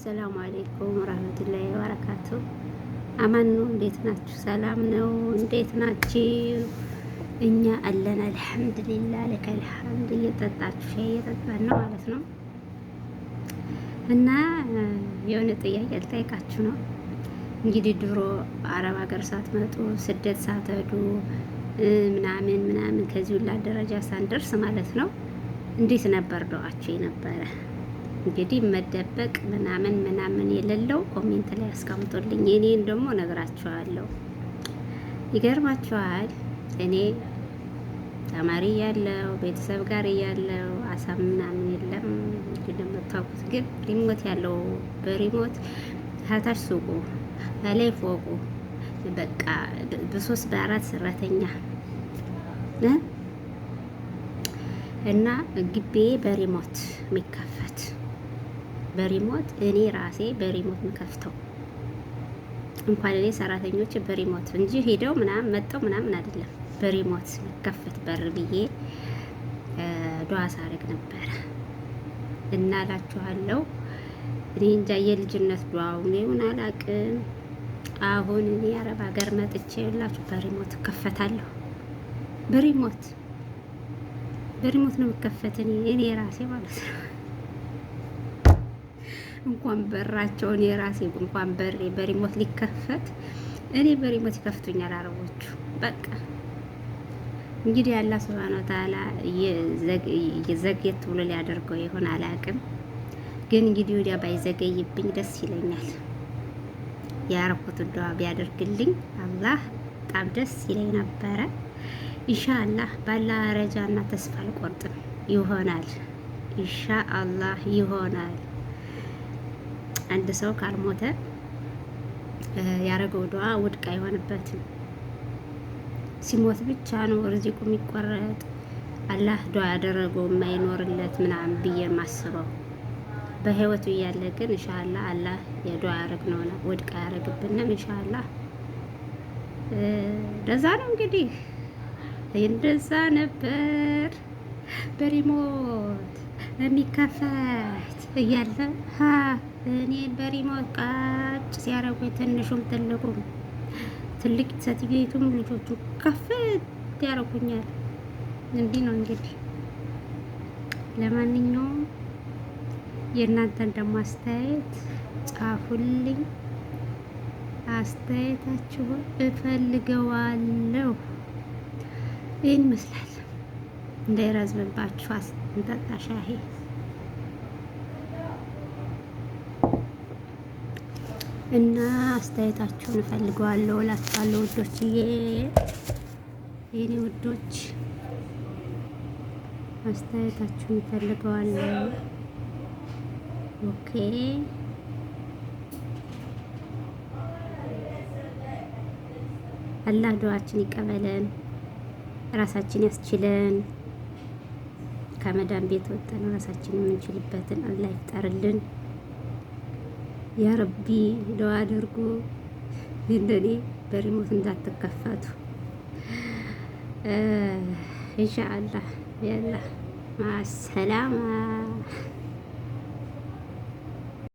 ሰላም አሌይኩም ረህመቱላሂ ወበረካቱ። አማን ነው። እንዴት ናችሁ? ሰላም ነው። እንዴት ናችሁ? እኛ አለን አልሐምድሊላ ለከል ሐምድ። እየጠጣችሁ ሻይ እየጠጣን ነው ማለት ነው። እና የሆነ ጥያቄ ልጠይቃችሁ ነው። እንግዲህ ድሮ አረብ ሀገር ሳትመጡ ስደት ሳትሄዱ ምናምን ምናምን ከዚህ ሁላ ደረጃ ሳንደርስ ማለት ነው እንዴት ነበር ዱዓችሁ የነበረ? እንግዲህ መደበቅ ምናምን ምናምን የሌለው ኮሜንት ላይ አስቀምጡልኝ። እኔን ደግሞ ነግራችኋለሁ። ይገርማችኋል እኔ ተማሪ ያለው ቤተሰብ ጋር ያለው አሳ ምናምን የለም እንደምታውቁት። ግን ሪሞት ያለው በሪሞት ታች ሱቁ በላይ ፎቁ በቃ በሶስት በአራት ሰራተኛ እና ግቤ በሪሞት የሚከፈት በሪሞት እኔ ራሴ በሪሞት ምከፍተው እንኳን እኔ ሰራተኞች በሪሞት እንጂ ሄደው ምናምን መጠው ምናምን አይደለም። በሪሞት ከፈት በር ብዬ ዱዓ ሳረግ ነበረ እና እላችኋለሁ። እኔ እንጃ የልጅነት ዱዓውን ምን አላቅም። አሁን እኔ አረብ ሀገር መጥቼ ላችሁ በሪሞት እከፈታለሁ። በሪሞት በሪሞት ነው የምከፈት እኔ እኔ ራሴ ማለት ነው። እንኳን በራቸውን የራሴ እንኳን በሬ በሪሞት ሊከፈት እኔ በሪሞት ይከፍቱኛል አረቦቹ። በቃ እንግዲህ አላህ ሱብሃነሁ ወተዓላ የዘግየት ብሎ ሊያደርገው ይሆን አላውቅም፣ ግን እንግዲህ ወዲያ ባይዘገይብኝ ደስ ይለኛል። ያረኩት ዱዓ ቢያደርግልኝ አላህ በጣም ደስ ይለኝ ነበረ። ኢንሻአላህ ባላ ረጃና ተስፋ አልቆርጥም። ይሆናል፣ ኢንሻአላህ ይሆናል። አንድ ሰው ካልሞተ ያደረገው ዱዓ ውድቅ አይሆንበትም። ሲሞት ብቻ ነው ርዚቁ የሚቆረጥ አላህ ዱዓ ያደረገው የማይኖርለት ምናምን ብዬ ማስበው። በህይወቱ እያለ ግን እንሻላ አላህ የዱዓ ያደረግ ነው ውድቅ አያደርግብንም እንሻላ። ለዛ ነው እንግዲህ እንደዛ ነበር በሪሞት የሚከፈት እያለ እኔ እኔን በሪሞት ቃጭ ሲያደርጉ ትንሹም ትልቁም ትልቅ ሴትዮቱም ልጆቹ ከፍት ያደርጉኛል። እንዲህ ነው እንግዲህ። ለማንኛውም የእናንተን ደግሞ አስተያየት ጻፉልኝ። አስተያየታችሁን እፈልገዋለሁ። ይህን ይመስላል። እንዳይረዝምባችሁ እንጠጣ ሻሂ። እና አስተያየታችሁን እፈልገዋለሁ እላችኋለሁ ውዶች፣ የኔ ውዶች አስተያየታችሁን እፈልገዋለሁ። ኦኬ አላህ ዱዓችን ይቀበለን፣ ራሳችን ያስችለን። ከመዳን ቤት ወጠን ራሳችን የምንችልበትን አላህ ይፍጠርልን። ያ ረቢ ደዋ አድርጎ እንደኔ በሪሞት እንዳትከፈቱ ኢንሻአላህ። ያላ ማሰላማ